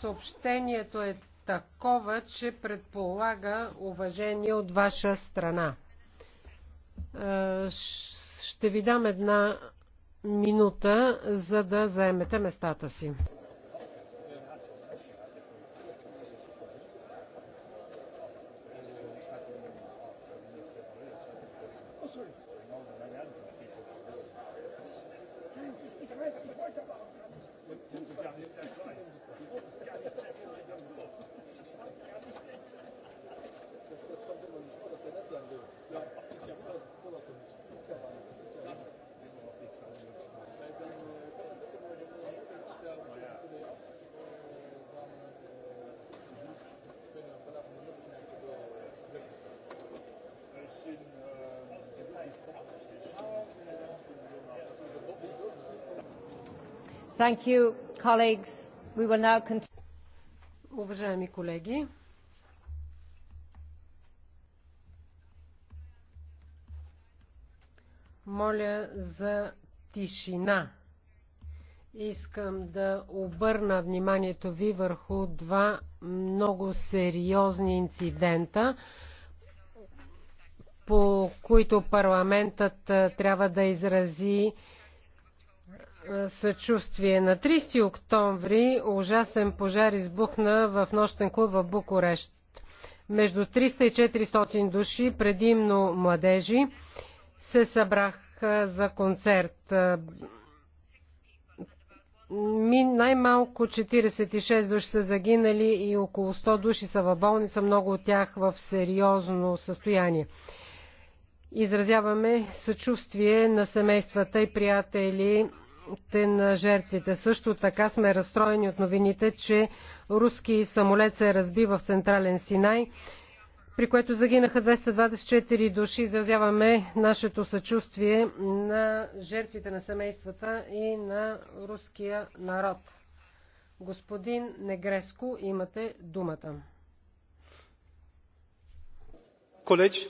Съобщението е такова, че предполага уважение от ваша страна. Е, ще ви дам една минута, за да заемете местата си. Thank oh, you. Уважаеми колеги, моля за тишина. Искам да обърна вниманието ви върху два много сериозни инцидента, по които парламентът трябва да изрази съчувствие. На 30 октомври ужасен пожар избухна в нощен клуб в Букурещ. Между 300 и 400 души, предимно младежи, се събраха за концерт. най-малко 46 души са загинали и около 100 души са в болница, много от тях в сериозно състояние. Изразяваме съчувствие на семействата и приятелите на жертвите. Също така сме разстроени от новините, че руски самолет се разби в Централен Синай, при което загинаха 224 души. Изразяваме нашето съчувствие на жертвите на семействата и на руския народ. Господин Негреско, имате думата. Колеги,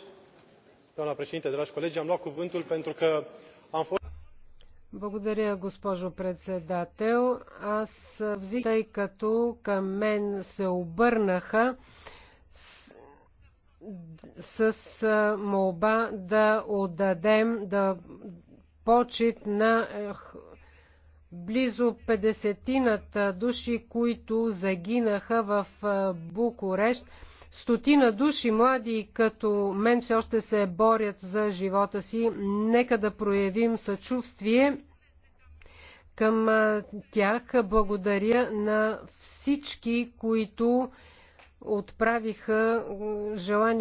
doamnă președintă dragi colegi am luat cuvântul pentru că am fost. Благодаря, госпожо председател. Аз взих, тъй като към мен се обърнаха с, с молба да отдадем да почет на близо 50-ната души, които загинаха в Букурещ Стотина души, млади като мен, все още се борят за живота си. Нека да проявим съчувствие към тях. Благодаря на всички, които отправиха желание